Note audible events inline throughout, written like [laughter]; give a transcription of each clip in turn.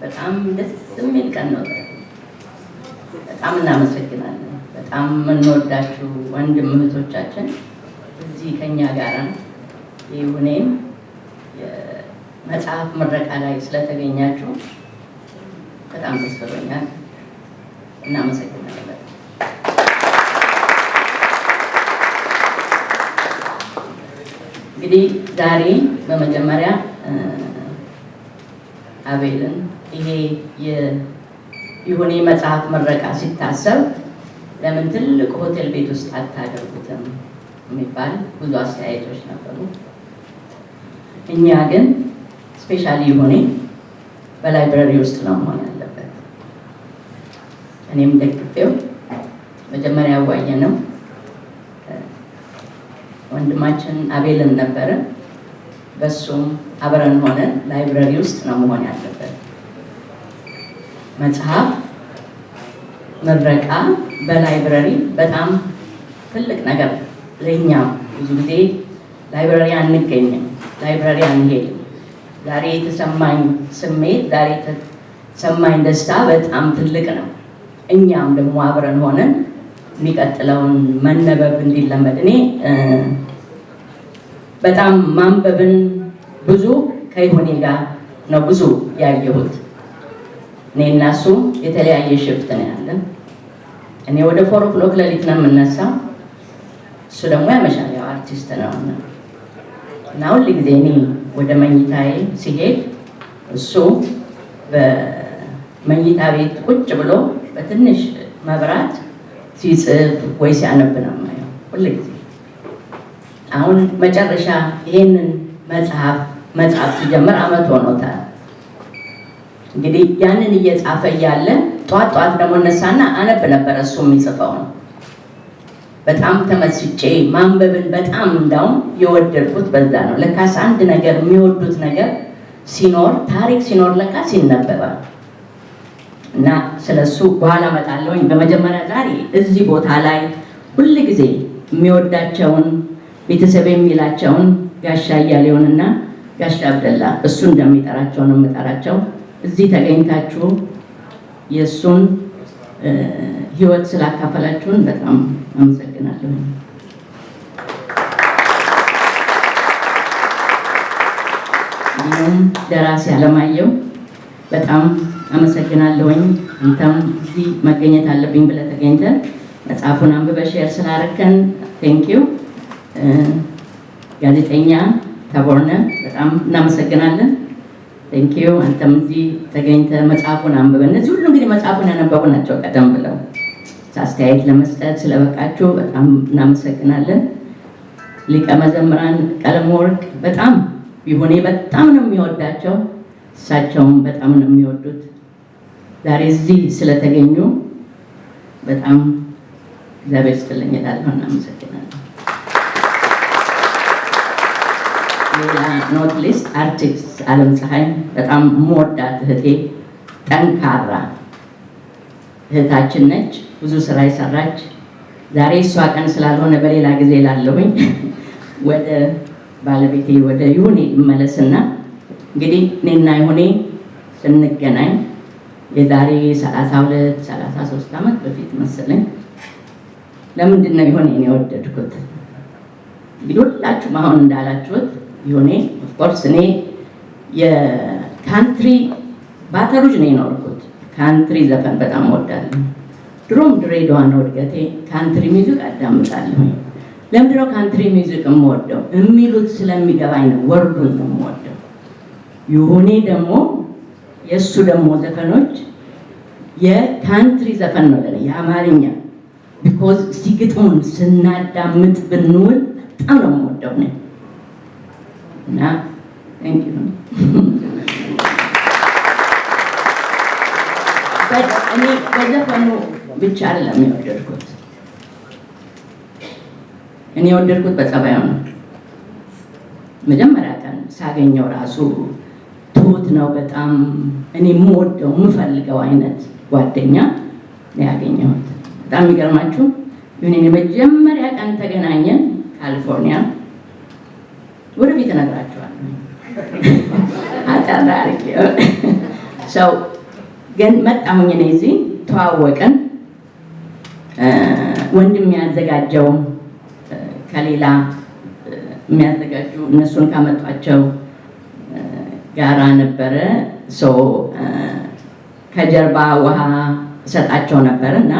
በጣም ደስ የሚል ቀን ነው። በጣም እናመሰግናለን። በጣም የምንወዳችሁ ወንድም እህቶቻችን እዚህ ከኛ ጋር ይሁኔም የመጽሐፍ ምረቃ ላይ ስለተገኛችሁ በጣም ደስ ብሎኛል። እናመሰግናለን። እንግዲህ ዛሬ በመጀመሪያ አቤልን ይሄ የሆኔ መጽሐፍ ምረቃ ሲታሰብ ለምን ትልቅ ሆቴል ቤት ውስጥ አታደርጉትም የሚባል ብዙ አስተያየቶች ነበሩ። እኛ ግን ስፔሻሊ የሆኔ በላይብረሪ ውስጥ ነው መሆን ያለበት። እኔም ደግፌው መጀመሪያ ያዋየ ነው ወንድማችን አቤልን ነበረ። በሱም አብረን ሆነን ላይብረሪ ውስጥ ነው መሆን ያለበት። መጽሐፍ ምረቃ በላይብረሪ በጣም ትልቅ ነገር ለእኛ። ብዙ ጊዜ ላይብረሪ አንገኝም፣ ላይብረሪ አንሄድም። ዛሬ የተሰማኝ ስሜት፣ ዛሬ የተሰማኝ ደስታ በጣም ትልቅ ነው። እኛም ደግሞ አብረን ሆነን የሚቀጥለውን መነበብ እንዲለመድ እኔ በጣም ማንበብን ብዙ ከይሁኔ ጋር ነው ብዙ ያየሁት። እኔ እና የተለያየ ሽፍት ነው ያለን። እኔ ወደ ፎር ኦክሎክ ለሊት ነው የምነሳው፣ እሱ ደግሞ ያመሻል። ያው አርቲስት ነው እና ሁል ጊዜ እኔ ወደ መኝታዬ ሲሄድ እሱ በመኝታ ቤት ቁጭ ብሎ በትንሽ መብራት ሲጽፍ ወይ ሲያነብ ነው የማየው ሁልጊዜ። አሁን መጨረሻ ይህንን መጽሐፍ መጽሐፍ ሲጀምር አመት ሆኖታል። እንግዲህ ያንን እየጻፈ እያለ ጠዋት ጠዋት ደግሞ እነሳና አነብ ነበረ። እሱ የሚጽፈው ነው በጣም ተመስጬ ማንበብን በጣም እንዳውም የወደድኩት በዛ ነው። ለካስ አንድ ነገር የሚወዱት ነገር ሲኖር ታሪክ ሲኖር ለካስ ይነበባል። እና ስለሱ በኋላ እመጣለሁኝ። በመጀመሪያ ዛሬ እዚህ ቦታ ላይ ሁል ጊዜ የሚወዳቸውን ቤተሰብ የሚላቸውን ጋሻ እያሌውንና ጋሻ አብደላ እሱ ነው የምጠራቸው እዚህ ተገኝታችሁ የእሱን ህይወት ስላካፈላችሁን በጣም አመሰግናለሁ። እንዲሁም ደራሲ አለማየሁ በጣም አመሰግናለሁኝ። አንተም እዚህ መገኘት አለብኝ ብለህ ተገኝተን መጽሐፉን አንብበህ ሼር ስላደረከን ቴንኪው። ጋዜጠኛ ተቦርነ በጣም እናመሰግናለን። ቴንኪው። አንተም እዚህ ተገኝተህ መጽሐፉን አንብበህ እነዚህ ሁሉ እንግዲህ መጽሐፉን ያነበቡ ናቸው ቀደም ብለው አስተያየት ለመስጠት ስለበቃችሁ በጣም እናመሰግናለን። ሊቀ መዘምራን ቀለም ወርቅ በጣም ቢሆኔ በጣም ነው የሚወዳቸው እሳቸውም በጣም ነው የሚወዱት። ዛሬ እዚህ ስለተገኙ በጣም እግዚአብሔር ይስጥልኝ እላለሁ። እናመሰግናለሁ። ኖት ሊስት አርቲስት አለም ፀሐይ በጣም ሞወዳት እህቴ ጠንካራ እህታችን ነች። ብዙ ስራ የሰራች ዛሬ እሷ ቀን ስላልሆነ በሌላ ጊዜ ላለሁኝ ወደ ባለቤቴ ወደ ይሁኔ እመለስና እንግዲህ እኔና ይሁኔ ስንገናኝ የዛሬ 32 33 ዓመት በፊት መሰለኝ። ለምንድን ነው ይሆን እኔ ወደድኩት እንግዲህ ሁላችሁም አሁን እንዳላችሁት ይሆኔ ኦፍኮርስ እኔ የካንትሪ ባተሩጅ ነው የኖርኩት። ካንትሪ ዘፈን በጣም ወዳለሁ። ድሮም ድሬዳዋ ነው እድገቴ። ካንትሪ ሚውዚክ አዳምጣለሁ። ለምንድነው ካንትሪ ሚውዚክ የምወደው? የሚሉት ስለሚገባኝ ነው። ወርዱን ነው የምወደው። ይሁኔ ደግሞ የእሱ ደግሞ ዘፈኖች የካንትሪ ዘፈን ነው ለኔ የአማርኛ ቢኮዝ ሲግጥሙን ስናዳምጥ ብንውል በጣም ነው የምወደው ነኝ እና እኔ በዘፈኑ ብቻ አይደለም የወደድኩት እኔ የወደድኩት በጸባዩ ነው። መጀመሪያ ቀን ሳገኘው ራሱ ትሁት ነው። በጣም እኔ የምወደው የምፈልገው አይነት ጓደኛ ያገኘሁት። በጣም የሚገርማችሁ ይሁኔን መጀመሪያ ቀን ተገናኘን ካሊፎርኒያ። ቤት ነግራቸዋል [laughs] አጠራ [laughs] ሰው ግን መጣሁኝ ነ እዚህ ተዋወቅን። ወንድም ያዘጋጀው ከሌላ የሚያዘጋጁ እነሱን ካመጧቸው ጋራ ነበረ ሰው ከጀርባ ውሃ እሰጣቸው ነበር እና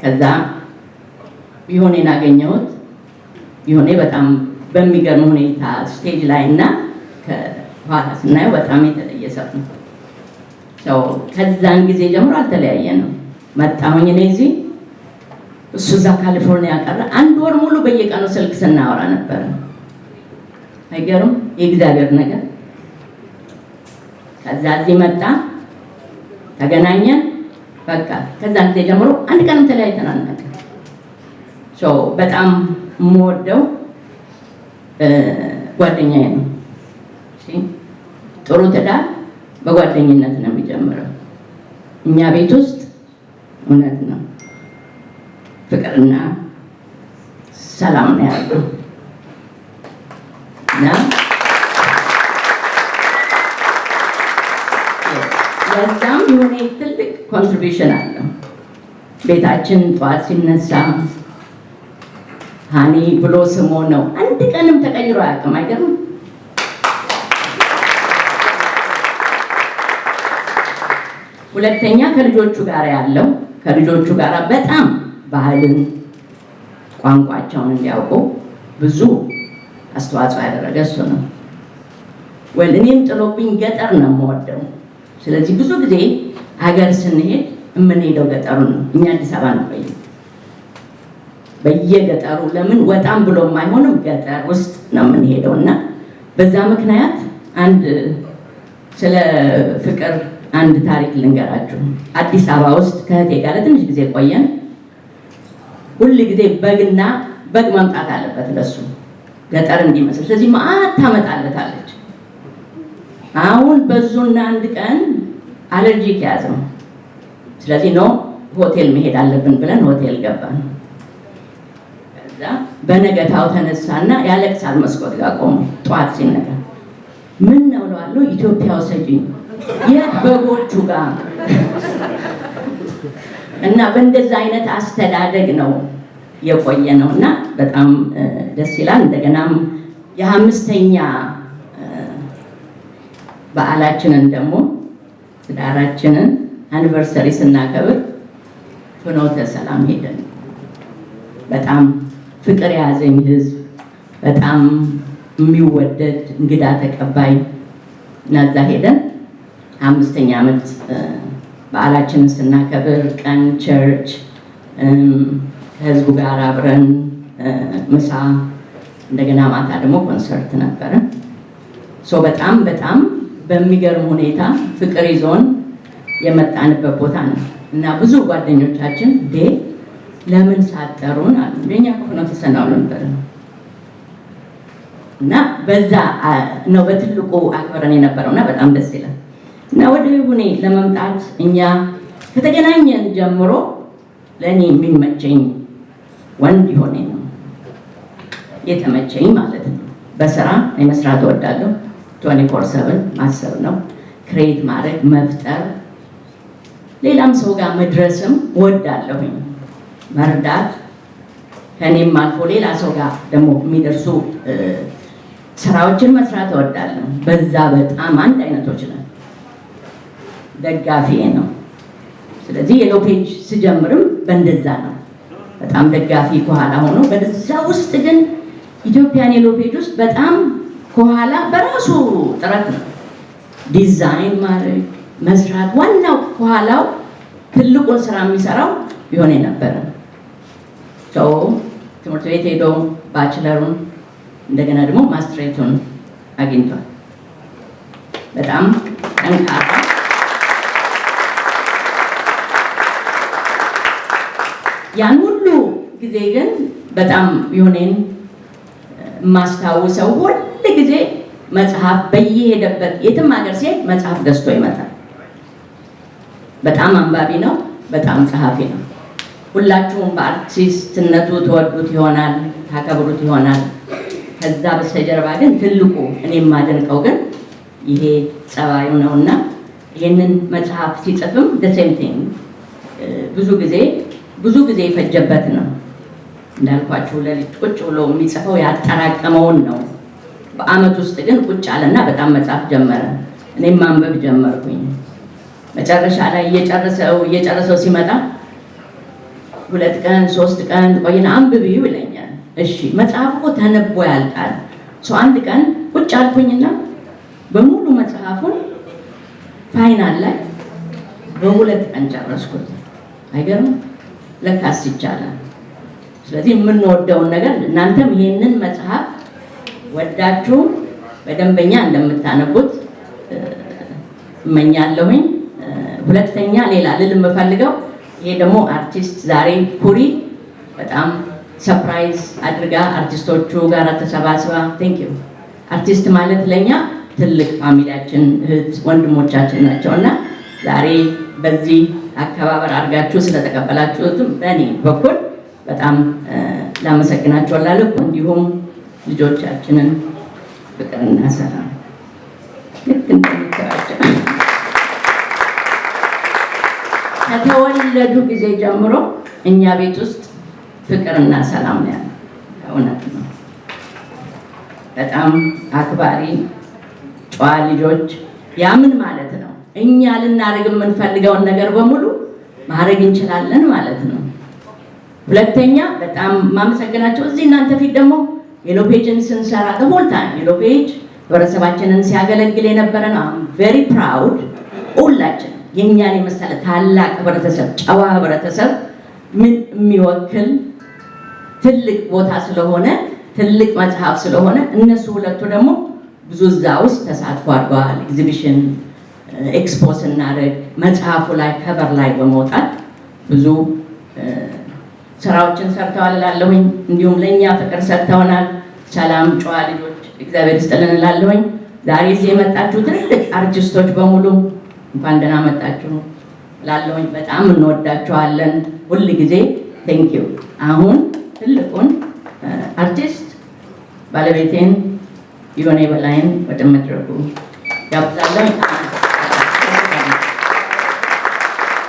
ከዛ ቢሆኔን አገኘሁት። ቢሆኔ በጣም በሚገርም ሁኔታ ስቴጅ ላይ እና ከኋላ ስናየው በጣም የተለየ ሰው ነው። ሰው ከዛን ጊዜ ጀምሮ አልተለያየ ነው። መጣሁኝ እኔ እዚህ እሱ እዛ ካሊፎርኒያ ቀረ። አንድ ወር ሙሉ በየቀኑ ስልክ ስናወራ ነበረ። አይገርም የእግዚአብሔር ነገር ከዛ እዚህ መጣ፣ ተገናኘን። በቃ ከዛ ጊዜ ጀምሮ አንድ ቀንም ተለያይተን ሶ በጣም የምወደው ጓደኛዬ ነው። ጥሩ ትዳር በጓደኝነት ነው የሚጀምረው። እኛ ቤት ውስጥ እውነት ነው ፍቅርና ሰላም ነው ያለው። በዛም የሆነ ትልቅ ኮንትሪቢሽን አለው። ቤታችን ጠዋት ሲነሳ ሀኒ ብሎ ስሞ ነው። አንድ ቀንም ተቀይሮ አያውቅም። አይገርም? ሁለተኛ ከልጆቹ ጋር ያለው ከልጆቹ ጋር በጣም ባህልን ቋንቋቸውን እንዲያውቁ ብዙ አስተዋጽኦ ያደረገ እሱ ነው። ወል እኔም ጥሎብኝ ገጠር ነው የምወደው ስለዚህ ብዙ ጊዜ ሀገር ስንሄድ የምንሄደው ገጠሩ ነው። እኛ አዲስ አበባ ነው ቆይ በየገጠሩ ለምን ወጣም ብሎ የማይሆንም ገጠር ውስጥ ነው የምንሄደው እና በዛ ምክንያት አንድ ስለ ፍቅር አንድ ታሪክ ልንገራችሁ። አዲስ አበባ ውስጥ ከእህቴ ጋር ትንሽ ጊዜ ቆየን። ሁል ጊዜ በግና በግ መምጣት አለበት ለሱ ገጠር እንዲመስል። ስለዚህ ማአት ታመጣለታለች አሁን በዙና አንድ ቀን አለርጂክ ያዘው። ስለዚህ ነው ሆቴል መሄድ አለብን ብለን ሆቴል ገባን። ከዛ በነገታው ተነሳና ያለቅሳል። መስኮት ጋር ቆሞ ጠዋት ሲነጋ ምን ነው እለዋለሁ። ኢትዮጵያ ውሰጂኝ። የት? በጎቹ ጋር እና በእንደዛ አይነት አስተዳደግ ነው የቆየ ነው እና በጣም ደስ ይላል። እንደገናም የአምስተኛ በዓላችንን ደግሞ ትዳራችንን አኒቨርሰሪ ስናከብር ፍኖተ ሰላም ሄደን በጣም ፍቅር የያዘኝ ህዝብ በጣም የሚወደድ እንግዳ ተቀባይ ነዛ ሄደን አምስተኛ ዓመት በዓላችንን ስናከብር ቀን ቸርች ከህዝቡ ጋር አብረን ምሳ እንደገና ማታ ደግሞ ኮንሰርት ነበረ። ሶ በጣም በጣም በሚገርም ሁኔታ ፍቅር ይዞን የመጣንበት ቦታ ነው እና ብዙ ጓደኞቻችን ዴ ለምን ሳጠሩን አሉ። እንደኛ ከሆነ ተሰናውሎ ነበር እና በዛ ነው በትልቁ አክብረን የነበረው እና በጣም ደስ ይላል እና ወደ ይሁኔ ለመምጣት እኛ ከተገናኘን ጀምሮ ለእኔ የሚመቸኝ ወንድ የሆነ ነው የተመቸኝ ማለት ነው። በስራ እኔ መስራት እወዳለሁ። 24 ሰብን ማሰብ ነው። ክሬት ማድረግ መፍጠር፣ ሌላም ሰው ጋር መድረስም ወዳለሁኝ። መርዳት ከእኔም አልፎ ሌላ ሰው ጋር ደግሞ የሚደርሱ ስራዎችን መስራት እወዳለሁ። በዛ በጣም አንድ አይነቶች ነው። ደጋፊ ነው። ስለዚህ የሎው ፔጅ ስጀምርም በእንደዛ ነው። በጣም ደጋፊ ከኋላ ሆኖ በዛ ውስጥ ግን ኢትዮጵያን የሎው ፔጅ ውስጥ በጣም ከኋላ በራሱ ጥረት ነው ዲዛይን ማድረግ መስራት። ዋናው ከኋላው ትልቁን ስራ የሚሰራው ይሆን የነበረ ሰው ትምህርት ቤት ሄዶ ባችለሩን እንደገና ደግሞ ማስትሬቱን አግኝቷል። በጣም ጠንካራ ያን ሁሉ ጊዜ ግን በጣም የሆነን የማስታውሰው ሁል ጊዜ መጽሐፍ በየሄደበት የትም ሀገር ሲሄድ መጽሐፍ ገዝቶ ይመጣል። በጣም አንባቢ ነው። በጣም ጸሐፊ ነው። ሁላችሁም በአርቲስትነቱ ተወዱት ይሆናል፣ ታከብሩት ይሆናል። ከዛ በስተጀርባ ግን ትልቁ እኔ የማደንቀው ግን ይሄ ጸባዩ ነው እና ይህንን መጽሐፍ ሲጽፍም ደሴምቲንግ ብዙ ጊዜ ብዙ ጊዜ የፈጀበት ነው እንዳልኳችሁ ለሊት ቁጭ ብሎ የሚጽፈው ያጠራቀመውን ነው በአመት ውስጥ ግን ቁጭ አለና በጣም መጻፍ ጀመረ። እኔም ማንበብ ጀመርኩኝ። መጨረሻ ላይ እየጨረሰው እየጨረሰው ሲመጣ ሁለት ቀን ሶስት ቀን ቆይና አንብብ ይለኛል። እሺ መጽሐፍ እኮ ተነቦ ያልቃል። ሰው አንድ ቀን ቁጭ አልኩኝና በሙሉ መጽሐፉን ፋይናል ላይ በሁለት ቀን ጨረስኩት። አይገርም? ለካስ ይቻላል። ስለዚህ የምንወደውን ነገር እናንተም ይሄንን መጽሐፍ ወዳችሁ በደንበኛ እንደምታነቡት እመኛለሁኝ። ሁለተኛ ሌላ ልል የምፈልገው ይሄ ደግሞ አርቲስት ዛሬ ኩሪ በጣም ሰፕራይዝ አድርጋ አርቲስቶቹ ጋር ተሰባስባ ቴንክ ዩ። አርቲስት ማለት ለእኛ ትልቅ ፋሚሊያችን እህት ወንድሞቻችን ናቸው እና ዛሬ በዚህ አከባበር አድርጋችሁ ስለተቀበላችሁትም በእኔ በኩል በጣም ላመሰግናችኋላለሁ እንዲሁም ልጆቻችንን ፍቅርና ሰላም ልክ እንደሚከራቸው ከተወለዱ ጊዜ ጀምሮ እኛ ቤት ውስጥ ፍቅርና ሰላም ነው ያለው። እውነት ነው። በጣም አክባሪ ጨዋ ልጆች። ያ ምን ማለት ነው እኛ ልናደርግ የምንፈልገውን ነገር በሙሉ ማድረግ እንችላለን ማለት ነው። ሁለተኛ በጣም ማመሰግናቸው እዚህ እናንተ ፊት ደግሞ ኢኖፔጅን ስንሰራ ታይም ኢኖፔጅ ህብረተሰባችንን ሲያገለግል የነበረ ነው። ቨሪ ፕራውድ ሁላችን የእኛን የመሰለ ታላቅ ህብረተሰብ፣ ጨዋ ህብረተሰብ ምን የሚወክል ትልቅ ቦታ ስለሆነ ትልቅ መጽሐፍ ስለሆነ እነሱ ሁለቱ ደግሞ ብዙ እዛ ውስጥ ተሳትፎ አድርገዋል። ኤግዚቢሽን ኤክስፖ uh, ስናደርግ መጽሐፉ ላይ ከበር ላይ በመውጣት ብዙ uh, ስራዎችን ሰርተዋል እላለሁኝ። እንዲሁም ለእኛ ፍቅር ሰጥተውናል። ሰላም፣ ጨዋ ልጆች እግዚአብሔር ይስጥልን እላለሁኝ። ዛሬ እዚህ የመጣችሁ ትልልቅ አርቲስቶች በሙሉ እንኳን ደህና መጣችሁ እላለሁኝ። በጣም እንወዳችኋለን ሁል ጊዜ ቴንክ ዩ። አሁን ትልቁን አርቲስት ባለቤቴን ዮኔ በላይን ወደ መድረኩ